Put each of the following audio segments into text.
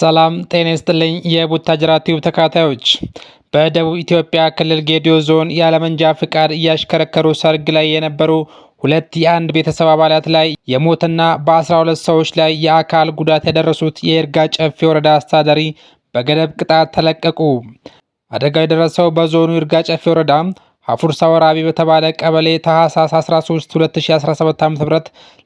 ሰላም ጤና ይስጥልኝ። የቡታጅራ ቲዩብ ተካታዮች በደቡብ ኢትዮጵያ ክልል ጌዲዮ ዞን ያለመንጃ ፍቃድ እያሽከረከሩ ሰርግ ላይ የነበሩ ሁለት የአንድ ቤተሰብ አባላት ላይ የሞትና በ12 ሰዎች ላይ የአካል ጉዳት ያደረሱት የይርጋ ጨፌ ወረዳ አስተዳዳሪ በገደብ ቅጣት ተለቀቁ። አደጋው የደረሰው በዞኑ ይርጋ ጨፌ ወረዳ ሀፉርሳ ወራቢ በተባለ ቀበሌ ታህሳስ 13 2017 ዓ.ም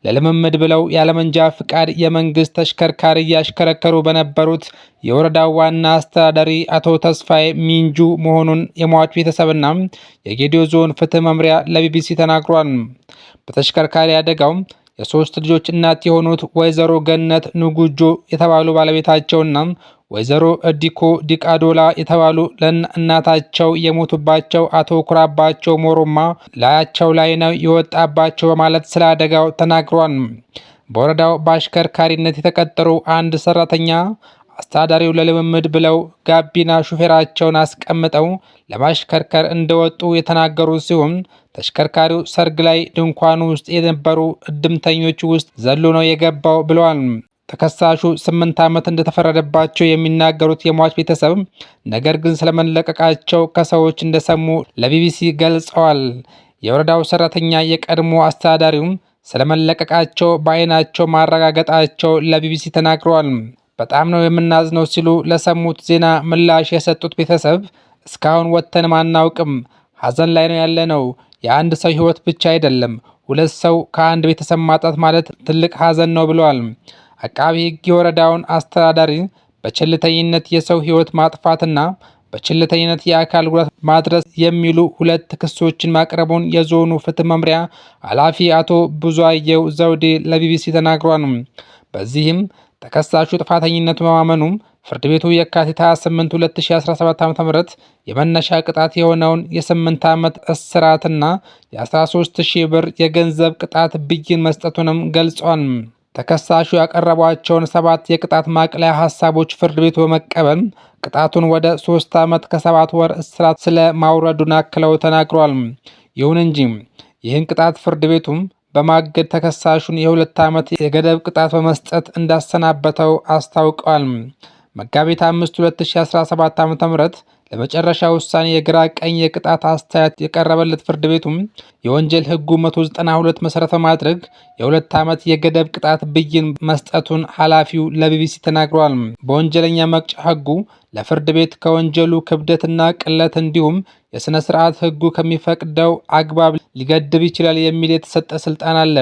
ለልምምድ ብለው ያለመንጃ ፍቃድ የመንግስት ተሽከርካሪ እያሽከረከሩ በነበሩት የወረዳው ዋና አስተዳዳሪ አቶ ተስፋዬ ሚንጁ መሆኑን የሟቹ ቤተሰብና የጌዲዮ ዞን ፍትህ መምሪያ ለቢቢሲ ተናግሯል። በተሽከርካሪ አደጋው የሶስት ልጆች እናት የሆኑት ወይዘሮ ገነት ንጉጆ የተባሉ ባለቤታቸውና ወይዘሮ እዲኮ ዲቃዶላ የተባሉ ለእናታቸው የሞቱባቸው አቶ ኩራባቸው ሞሮማ ላያቸው ላይ ነው የወጣባቸው በማለት ስለ አደጋው ተናግሯል። በወረዳው በአሽከርካሪነት የተቀጠሩ አንድ ሰራተኛ አስተዳዳሪው ለልምምድ ብለው ጋቢና ሹፌራቸውን አስቀምጠው ለማሽከርከር እንደወጡ የተናገሩ ሲሆን ተሽከርካሪው ሰርግ ላይ ድንኳን ውስጥ የነበሩ እድምተኞች ውስጥ ዘሎ ነው የገባው ብለዋል። ተከሳሹ ስምንት ዓመት እንደተፈረደባቸው የሚናገሩት የሟች ቤተሰብም ነገር ግን ስለመለቀቃቸው ከሰዎች እንደሰሙ ለቢቢሲ ገልጸዋል። የወረዳው ሰራተኛ የቀድሞ አስተዳዳሪውም ስለመለቀቃቸው በአይናቸው ማረጋገጣቸው ለቢቢሲ ተናግረዋል። በጣም ነው የምናዝነው ሲሉ ለሰሙት ዜና ምላሽ የሰጡት ቤተሰብ እስካሁን ወጥተንም አናውቅም፣ ሀዘን ላይ ነው ነው። የአንድ ሰው ህይወት ብቻ አይደለም፣ ሁለት ሰው ከአንድ ቤተሰብ ማጣት ማለት ትልቅ ሀዘን ነው ብለዋል። አቃቢ ሕግ የወረዳውን አስተዳዳሪ በቸልተኝነት የሰው ሕይወት ማጥፋትና በቸልተኝነት የአካል ጉዳት ማድረስ የሚሉ ሁለት ክሶችን ማቅረቡን የዞኑ ፍትህ መምሪያ ኃላፊ አቶ ብዙአየው ዘውዴ ለቢቢሲ ተናግሯል። በዚህም ተከሳሹ ጥፋተኝነቱ መማመኑ ፍርድ ቤቱ የካቲት 28 2017 ዓ.ም የመነሻ ቅጣት የሆነውን የ8 ዓመት እስራትና የ13 ሺህ ብር የገንዘብ ቅጣት ብይን መስጠቱንም ገልጿል። ተከሳሹ ያቀረቧቸውን ሰባት የቅጣት ማቅለያ ሀሳቦች ፍርድ ቤቱ በመቀበል ቅጣቱን ወደ ሶስት ዓመት ከሰባት ወር እስራት ስለ ማውረዱን አክለው ተናግሯል። ይሁን እንጂ ይህን ቅጣት ፍርድ ቤቱም በማገድ ተከሳሹን የሁለት ዓመት የገደብ ቅጣት በመስጠት እንዳሰናበተው አስታውቀዋል። መጋቢት 5 2017 ዓ.ም ለመጨረሻ ውሳኔ የግራ ቀኝ የቅጣት አስተያየት የቀረበለት ፍርድ ቤቱም የወንጀል ህጉ 192 መሰረት ማድረግ የሁለት ዓመት የገደብ ቅጣት ብይን መስጠቱን ኃላፊው ለቢቢሲ ተናግሯል። በወንጀለኛ መቅጫ ህጉ ለፍርድ ቤት ከወንጀሉ ክብደትና ቅለት እንዲሁም የሥነ ሥርዓት ህጉ ከሚፈቅደው አግባብ ሊገድብ ይችላል የሚል የተሰጠ ስልጣን አለ።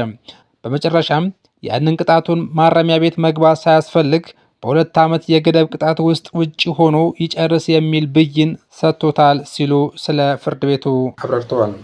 በመጨረሻም ያንን ቅጣቱን ማረሚያ ቤት መግባት ሳያስፈልግ በሁለት ዓመት የገደብ ቅጣት ውስጥ ውጭ ሆኖ ይጨርስ የሚል ብይን ሰጥቶታል ሲሉ ስለ ፍርድ ቤቱ አብራርተዋል።